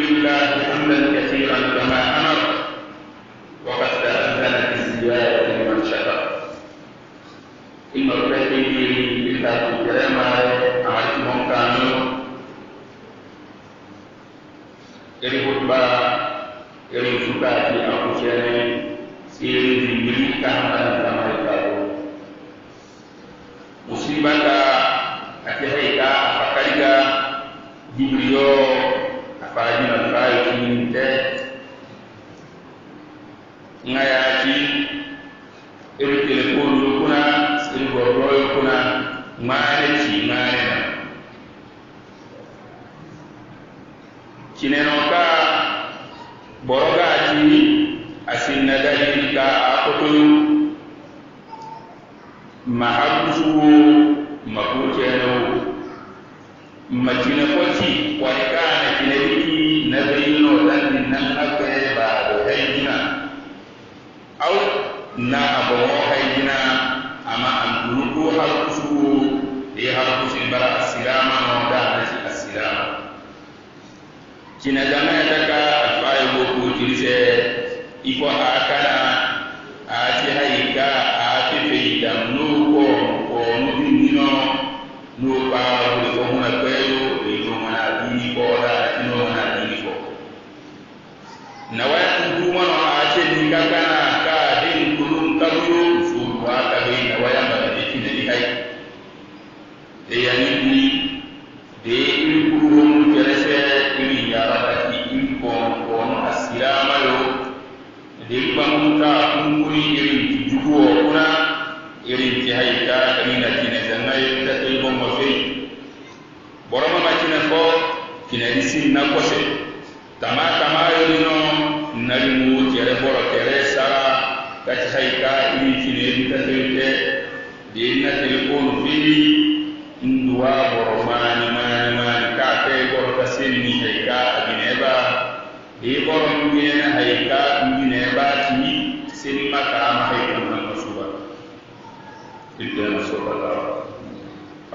لله حمدا كثيرا كما امر borogaati asinnadahiri ka a kotoyu ma hakusuwo ma kurkenowo ma jina foti wani kana jina biki na bayino ɗanɗin nan aka yi ba da kai au na abawo kai jina amma an duru ko hakusuwo da ya hakusu bara asilama na wanda ana ci asilama jina zama iko hakala ati hayika ati feita nuko ono binino nupa kuliko muna kwelu iko mwana dini bora ino mwana dini bora na waya kutuma na ati nikakana ka din kulum kabuyo usuru waka hei na waya mbadeti na dihai eya nipni de ilikuru mwana kerese ili iri bangunta kunkuri irin juguwo kuna irin ti hayka rina kine zanna yetta to ibongo boroma ma kine fo kine isin na kose tama tama yorino narimu kere boro kere sara kati hayka irin kine yetta to yette de inna telefonu fili nduwa boroma ni mani mani ka te boro ka senni hayka agineba de boro ngene hayka ngine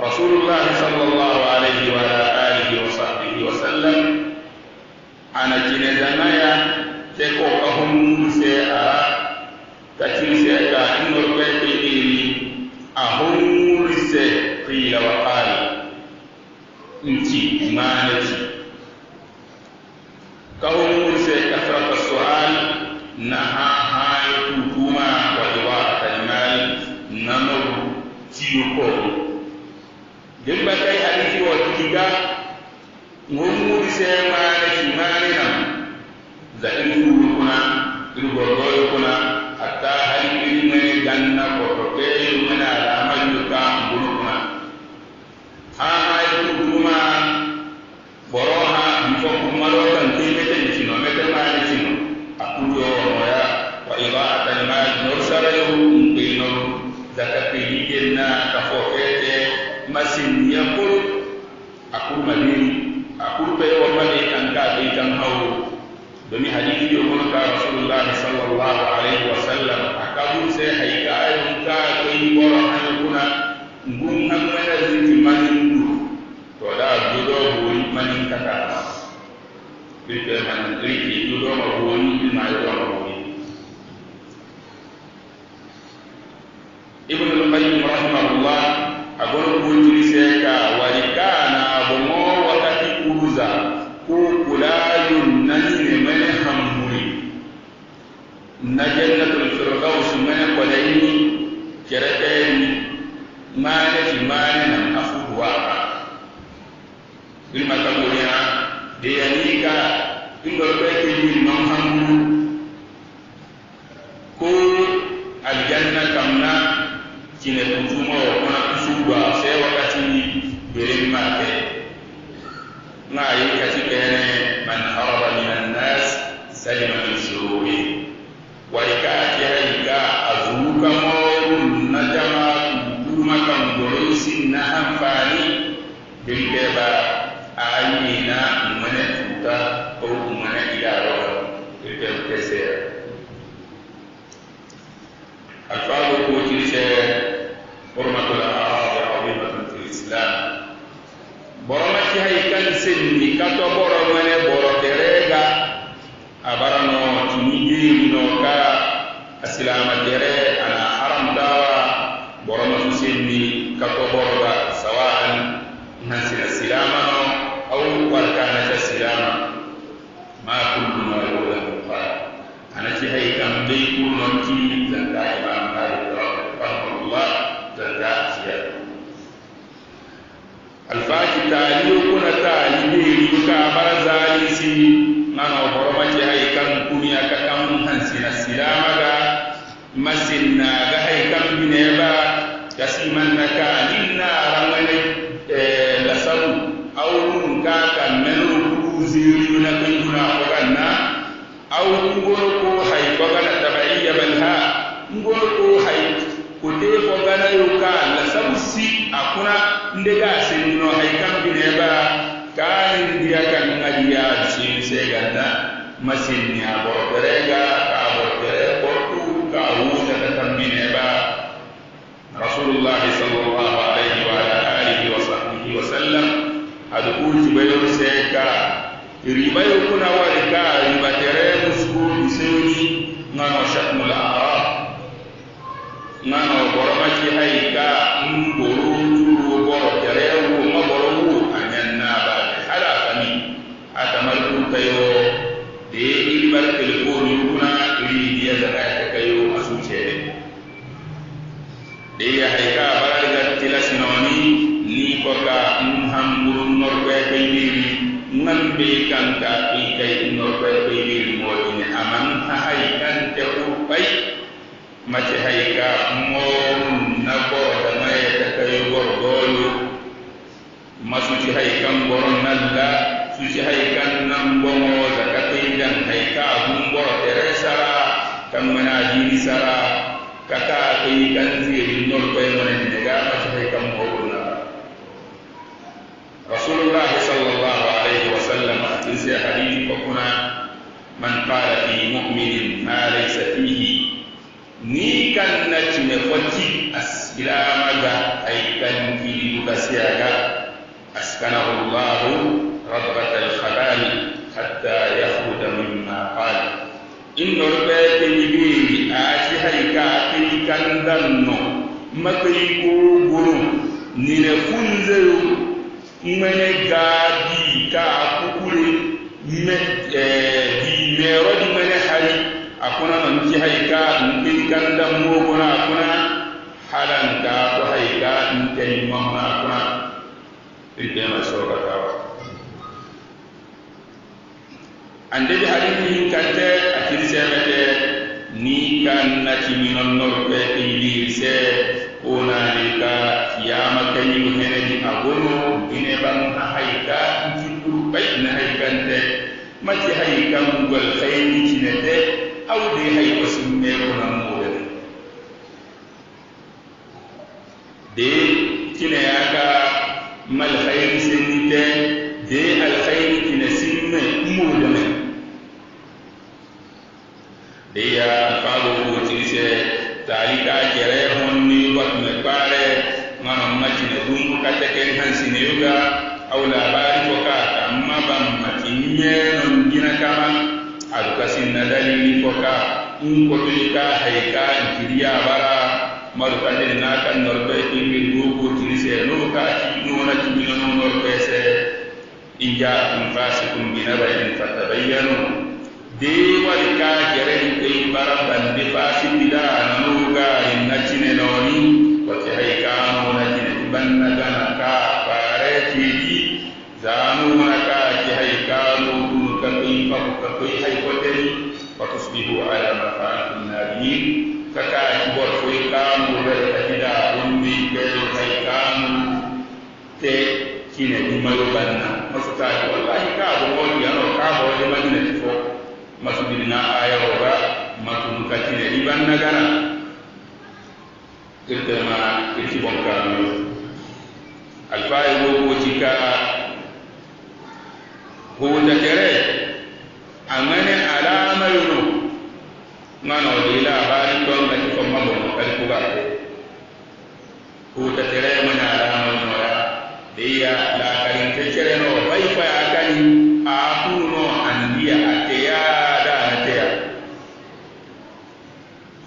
رسول الله صلى الله عليه وعلى alihi wasahbihi wasallam anatinezanaya teko kahumumuse a takirise ka inorpete iri ahumurise qila wa qala nti maneti kahumurise kasrata sual na Dèmba kai hadisi wa kiga ngomuri sema simani na za ilu kuna ilu gorgoyo kuna hatta hali domin hadisi da kuma ka rasulullahi sallallahu alaihi wa sallam aka mun sai haika ayyukan ka kai gora hanyar ngun hanyar ziki manin du to da dodo bori manin kaka rike manin rike dodo ma bori ina yawa ma bori ibn al-qayyim rahimahullah agon bori sai ka na jannatul firdaus mana kwalaini kerebeni mana fi mana nan afuwa bilma kamuriya de yanika indol be ke yiri man hamu ko aljanna kamna kine kutumo ona kusuba se wakati ni birin ma na ngai kati kene man haram duka moyun na jama duma kan gorin sin na amfani dinke ba a yi na mana tuta ko mana idaro ita ta sayar alfabu ko ci sayar hurmatul arabi azimatul fil islam boroma ci hay kan sin ni kato boroma ne boroterega kakobonga sawaan nasila silamano aw warkanata silama ma kullu ma yola muqa anaci hay kam be kulnon ki zanta imam malik rahimahullah zanta asiya alfaji taaliyo kuna taali beeri ka mara zaalisi ngano horomaci hay kam kuniya ka kam hansina silamaga masinnaga hay kam bineba kasiman naka ninna ramane lasalu awrun ka ka menu kuziri na kunna kokanna eh, aw ngoro ko hay bagana tabaiya balha ngoro ko hay ko te ko gana yo ka lasabu si akuna ndega senno hay kam bineba kanin diya kan ngadiya sin seganda masin ni abor ka abor رسول الله صلى الله عليه وعلى آله وصحبه وسلم أدخل بيو سيكا ريبا يكون وركا ريبا تريم سكون بسيوني نانو شكم الأعراب نانو برمجي هيكا مبرو جورو برو تريم مبرو أنينا بعد حلقني أتمركم تيو دي إلبر تلقون يكون Dia hayka baral ga tilas noni ni ko ka mun ham gur nor be be ni nan be kan aman ha hay kan te u pay ma ci hayka mo na masuk da borong ta kay wor golu ma su ci hay kan boron nan dan hayka bu mbo te re kaka ko yi kan siri non ko yona ni ga ma so kay kam ko na rasulullah sallallahu alaihi wasallam isi hadith ko kuna man qala fi mu'minin ma laysa fihi ni kan na ci me foti as ilama ga ay kan ki du kasiaga askanahu allah rabbat al khabal hatta yakhud mimma qala in nol be ay kai ka kai kandanno makai goro nine kunzeyo ŋmene gaadi ka a kukure me diimeero di ŋmene hari a kuna man ci hay ka nkiri kanda moo kuna a kuna halan ka ko hay ka nteni mahuna a kuna ridema sooka tawa ande bi hari min kante a kiri seemete ni kannati minon norɓe ɓe mbiri se hunalika kiyama kañum heneni a gono ine ɓan a hayka juɗɗuru ɓayna haykante mati hay kamgol haydicinete awde hay hay hay ko summe konan sineyoga aw labari foka kamma bammati ñeenon gina kama aɗu kasinna dalili foka in kotoyi ka hay ka jiriya bara maɗu kadiri na kan norɓe kingi duku tirise no ka ciinona ciminono norɓe se in jaakum fasikum binabain fatabayyanu de wari ka jereni koyi bara bandi fasididana koye hay goddere ni fa ala ma faatum nadimin kaka goto foye kaamu were kadida wondi ɓeɗo hay kaamu te kine imayo banna masutaji wallahi kaabo woni ano kaaboode madinati fo masudinina ayawoga matun katine ɗi bannagana irtema irti bon kaamuyo alfaye wo woti ka howutakere angane alama yuno ngano dila bari ton ga ko mabo kadi kuga huta tere mana alama yuno ya dia la kalin tere no bai pa akani akuno andia ateya da ateya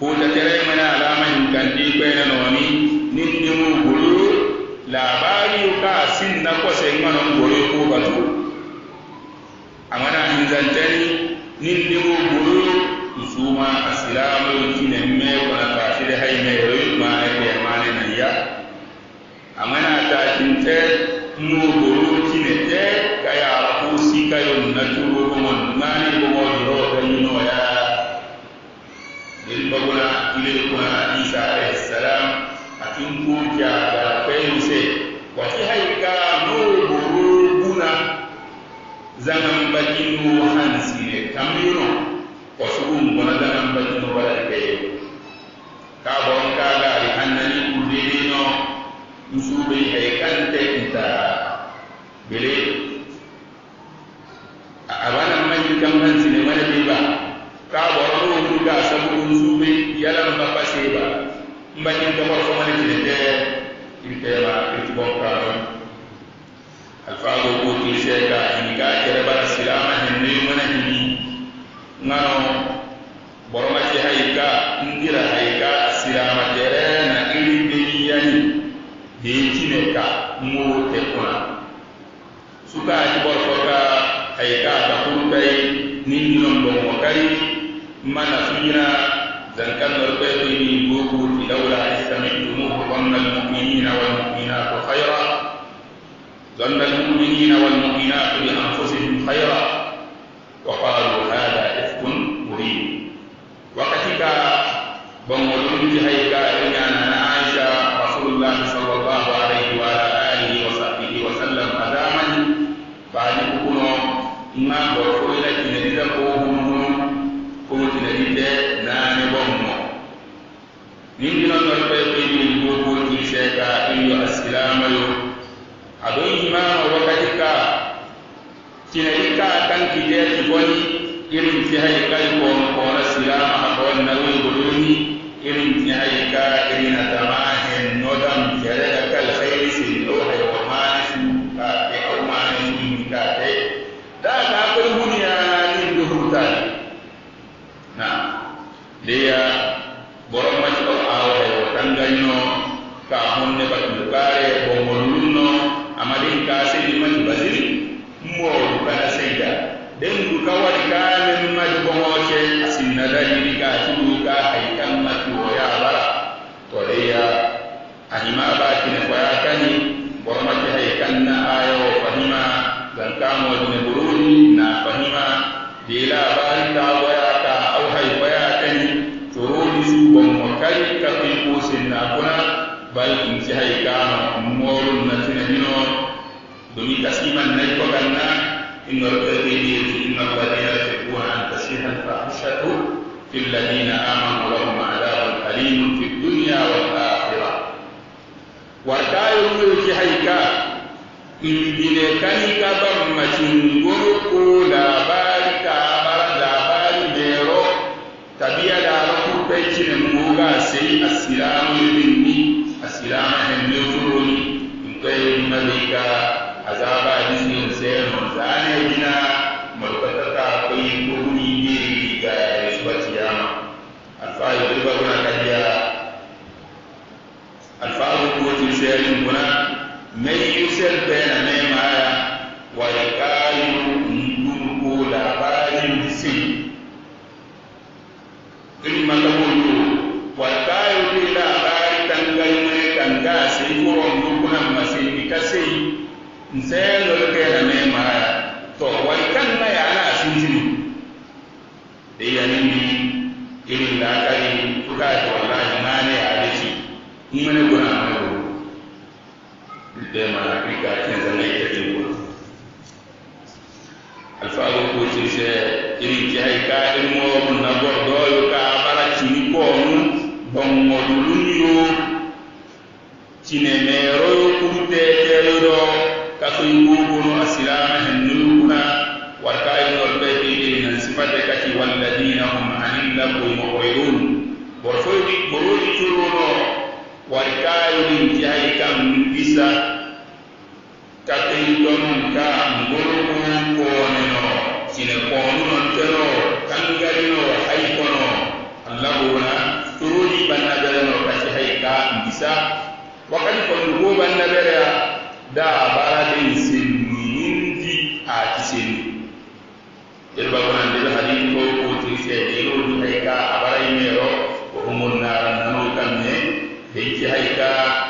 huta tere mana alama yin kanti ko ina no ni nindimu bulu la bari ka sinna ko se ngano bulu ko batu amana hinzanteni nindiŋo boro nsuma asilamo tine me kona taasire hayme royutma ekeyamane naya amana taatinte nuo boro tine te kaya kusi kayo naturo gomon mani gomo joro kayinoya niribagona ile kona isa alayhi salam atinkuja garapeyuse wati hayka nuo boro buna zaman bajilo hansire kambiyono ko sugu mbona danan bajino wala ibe ka bon ka ga ri hannani kudino nusube hay kante kita bele abana manji kam hansire mana be ba ka bon ro ru ga sabu nusube yala ba paseba mbani ko ko mana tinde iltema iltibon ka cɛ ka fili k'a yɛrɛ bara silama hinne mana hini ŋano bɔrɔma cɛ hayika n dira hayika silama tɛrɛ na iri beyiyani deetine ka ŋoo tɛ kuna sukaati bɔrɔ fɔ ka hayika ka kurukayi ni ɲinɔn bɔngɔ kari mana suɲina zankan dɔ bɛ ko ni boko tilawla istami'tumuhu wa min al-mu'minina wal mu'minat khayran ظن المؤمنين والمؤمنات بأنفسهم خيرا وقالوا هذا إفك مبين وكتك بمولون جهيك ان عائشة رسول الله صلى الله عليه وعلى آله وصحبه وسلم أداما بعد كنا ما برفو إلى تنريد قوهم كم تنريد نام بهم نمجنا نرفو إلى القوة شيكا إلى السلام يوم ma wakatika sina ika akan kide tiboni irin ti hayka ko ko rasila ko na wi buluni irin ti hayka irin tamahin nodam jere kal khair si o oh, hay wa ma si ka ke o ni ni ka te da ka ko dia kawai kanin majgomoce sinna dari ga tudu ga haikan matu ya bara to dai ya anima ba ki ne kwaya kani borma ki haikan na ayo fahima zan kamo ne buruni na fahima dila ba ta waya ka au hai waya kani turuni su bon mokari ka fi kusin na kuna bal in ci haika morun na tinadino domin kasiman nai ko ganna إن ربي بيده إن الذين يحبون أن تسيح الفاحشة في الذين آمنوا لهم عذاب أليم في الدنيا والآخرة watayo ngol ki haika mbine kanika ban macingoro ko labari ka bara labari mero tabiya daro kurpe cine muga sei asilamu yebinni asilamu henne furoni nkoye malika azaba disni sero ينبغون حدا الفاظ القوة يسير هنا من يسير بين من معايا ويقال نقول عباد سن إما لهم ويقال إلى عباد تنغيمة تنغاسي فرم نقنا مسيح كسي نسير بين من معايا تو ويقال ما يعنى سنتين إيه يعني إيه kai wallahi mane hadisi mane gona mane go da ma hakika kin zama ita ce go alfaru ko ce se irin ki hay ka in mo na go do yo ka bara chini ko nu bon mo dulun yo chine me ro yo kurte te ro do ka so yugo no asilama hennuna warka ibn al-bayt ilin sifate kati walladina hum anil lakum mu'ridun borofoli boroli curuno warikayoli jayi ka mbisa kateyi dɔnun ka ngolokun kɔɔnenɔ sinɛkɔɔnunɔ tɛnɔ kangarinɔ hayi kɔnɔ alabona toroli bannabɛrɛnɔ kasi hayi ka mbisa wakati kɔni ko bannabɛrɛya daa yake haika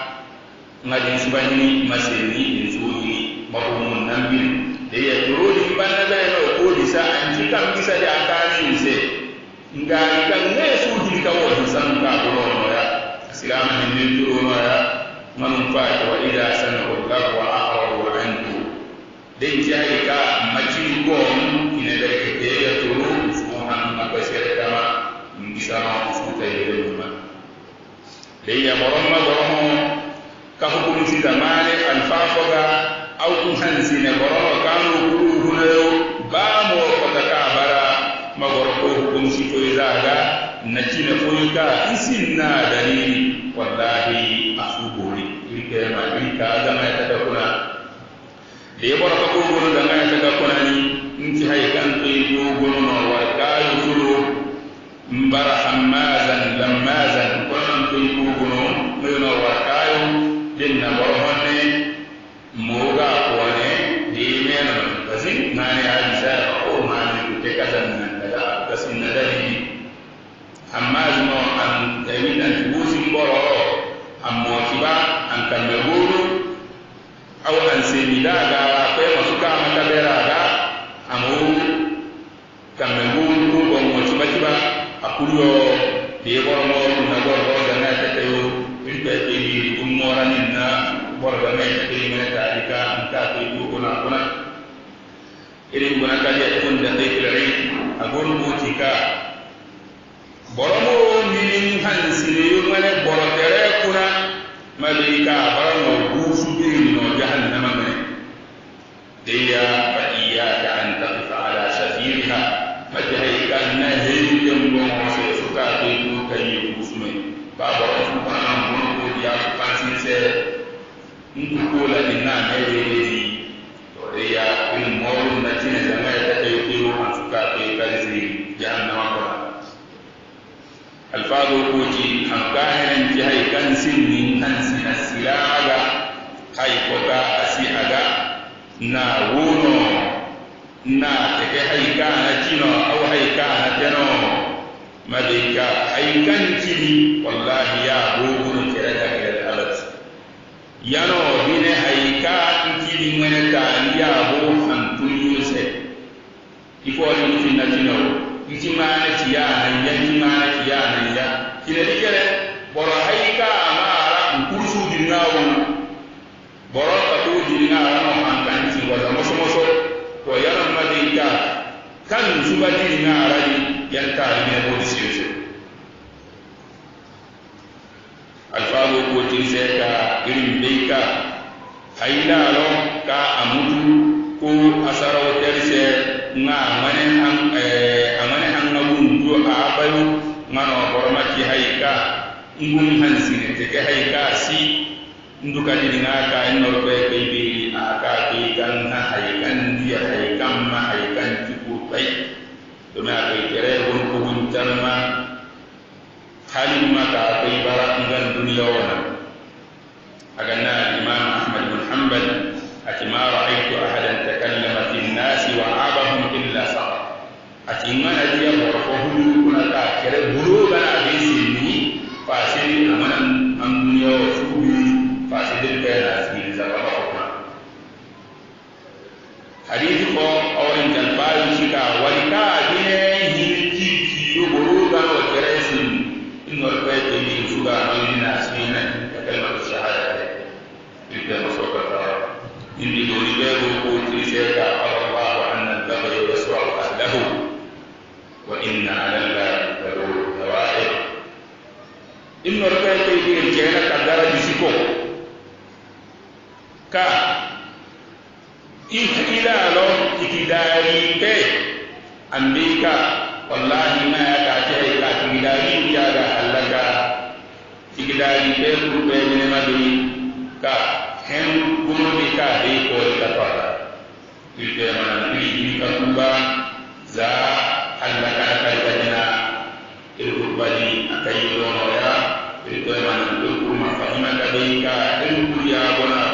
ngadin sibani maseni nzuri mabumun nambi da ya turudi banna da ya ko disa an ji kan bisa da akani se nga kan ne su ji ka wa san ka duro ya silama ne duro ya man fa wa ila sanu lahu wa aqrabu anhu den ji haika macin gon ina da ke ya turu su han ma ko sai da leyya moromma goromo kako kumti zamane alfafoga aw kum hansine gorono kano kuru hunayo bamo kota ka bara magoro ko kumti to izaga natine foyka isinna dalili wallahi afugori irike ma irika zama ya tada kuna da ya zama ya tada na ni nti hay kan no n bara hammazan lammazan konon ɗum kuguno ɗoyno warkayo ɗin nabor honne moga kone ɗimeno basi nane hadisaya o oh, mani ɗute kasan nan daga basi nadani hammazmo an tawi an busin ɓoro an motiba an kanjo gonu aw an senidaga koye masukama kaberaga amo kamɓe ngun kuɓo motiba kiba akulo de bɔrɔbɔ na bɔrɔbɔ dana tɛtɛ yo n tɛ keli n mɔra ni na bɔrɔbɔ mɛ tɛ keli mɛ ta i ka n ta to ju o la kɔnɔ ere gbana ka di ɛfɔ ni dante kɛlɛri a gbɔdɔ b'o ti ka bɔrɔbɔ ni hali sini mɛlɛ bɔrɔ tɛrɛ mɛlɛ i ka a ŋɔ guusu bɛ yen nɔ jahali nama mɛ de ya fa iya ka an ta fa ala safiri ha. mtu kula ni nani ili ya ilmuoru na chine jamaa yatakayokimu anfuka kazi jahannama kwa alfaadhu kuji hankahiran ji hay kan sinni kan sina silaga hay kota asi aga na wuno na tege hay kana jino aw hay kana teno madika hay kan jini wallahi ya bugun kereta kereta alat yano ŋmene ka ndiyaabo han tunyuse ikooti nfina kinowo nti maana tiyaanaya nti maana tiyaanaya kila dikere boro hayika amaara nkursu dinŋaawona boro ka tuu dinŋaarano hankanti wasa mosomoso to yarammadinka kan suba dinŋaarani yantaarine bodi seeso alfaabo kootin seeka irin beyka hayilaalo ka a mutu ko a sarautar se na eh, mani an a mani an na gundu a abayu mana kwarma ki haika ingun hansi ne ta ke haika si nduka di dina ka ina rube kai bai a ka kai kan na haikan diya haikan ma haikan cikin kai domin a kai kere wani kogin talma halin ma ka kai bara ngan duniya wani a ganna in my kene ka dara ji ci ko ka ih ila lo itidari pe andika wallahi ma ka ce ka itidari ya ga halaka itidari pe ku pe ne ma di ka hen kuno di ka di ko ta pa ta ite ma na ni ka kuba za halaka ka ga jina ilu bali akai do ya ko ma ko ma ka ka ya bona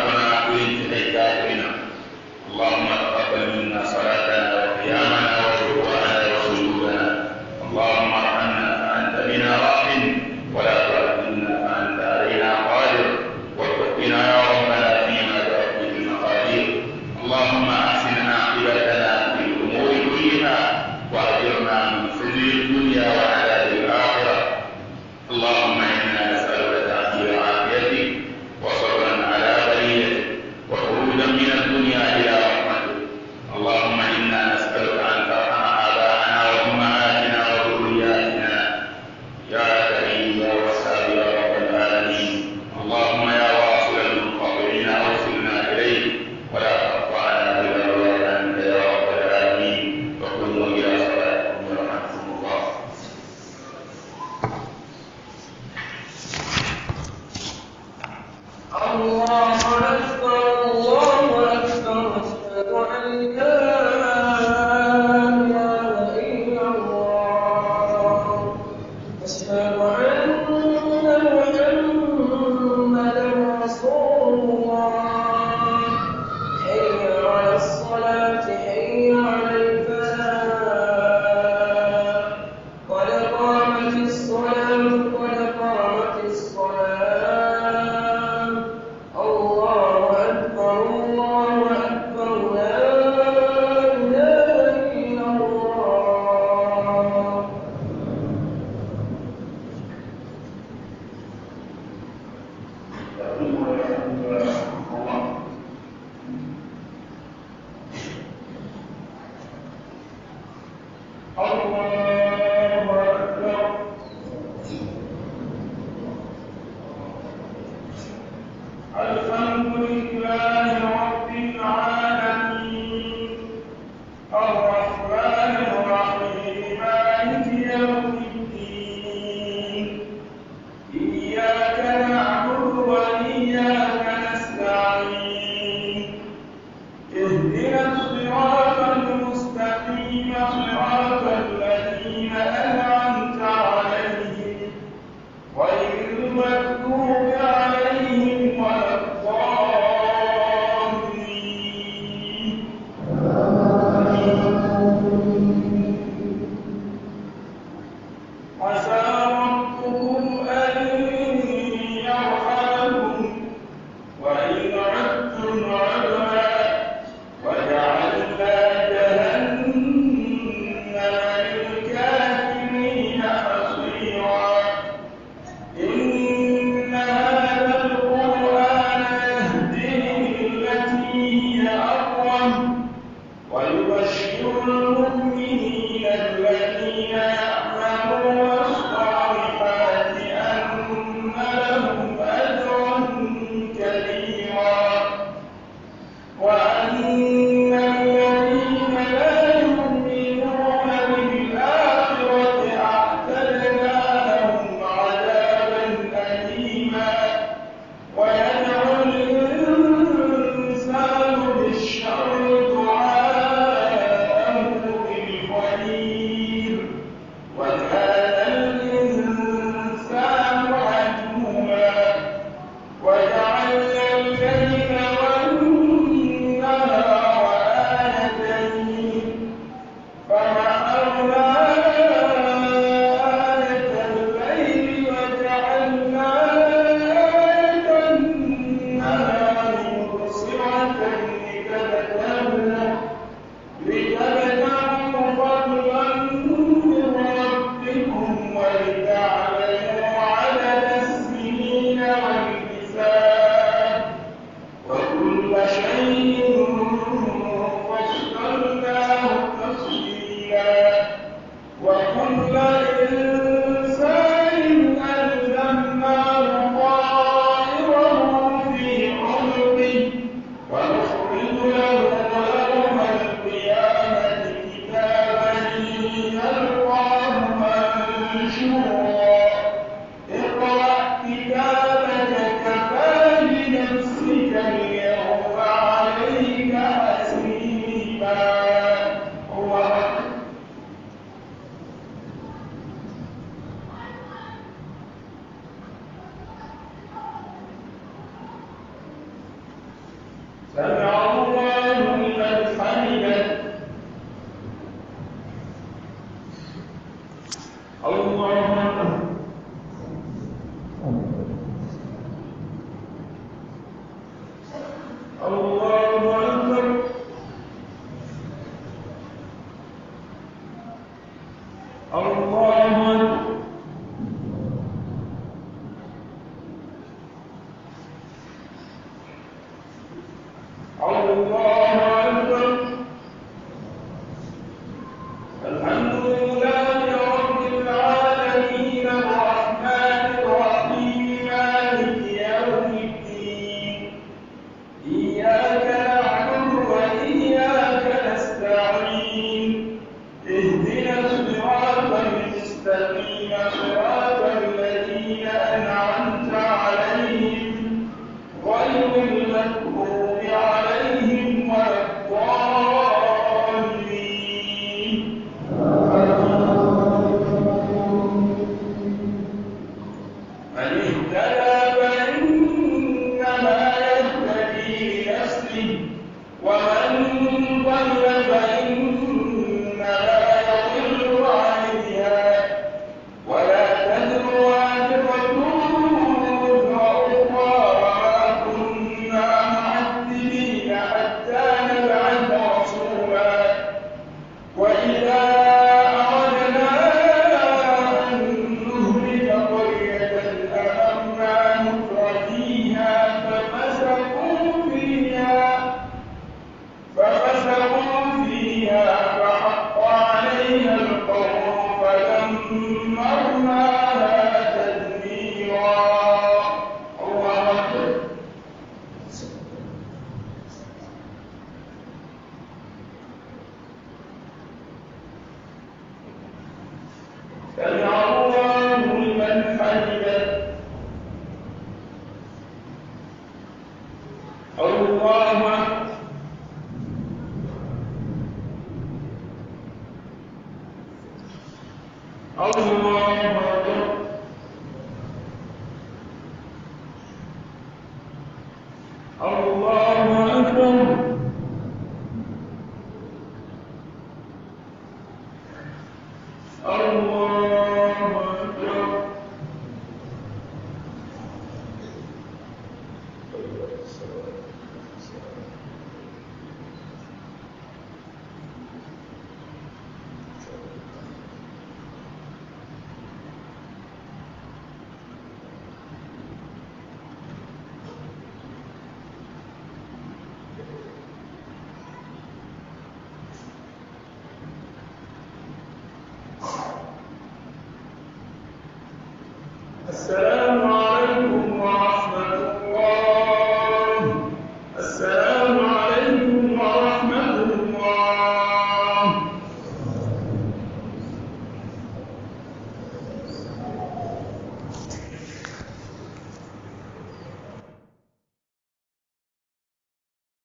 minha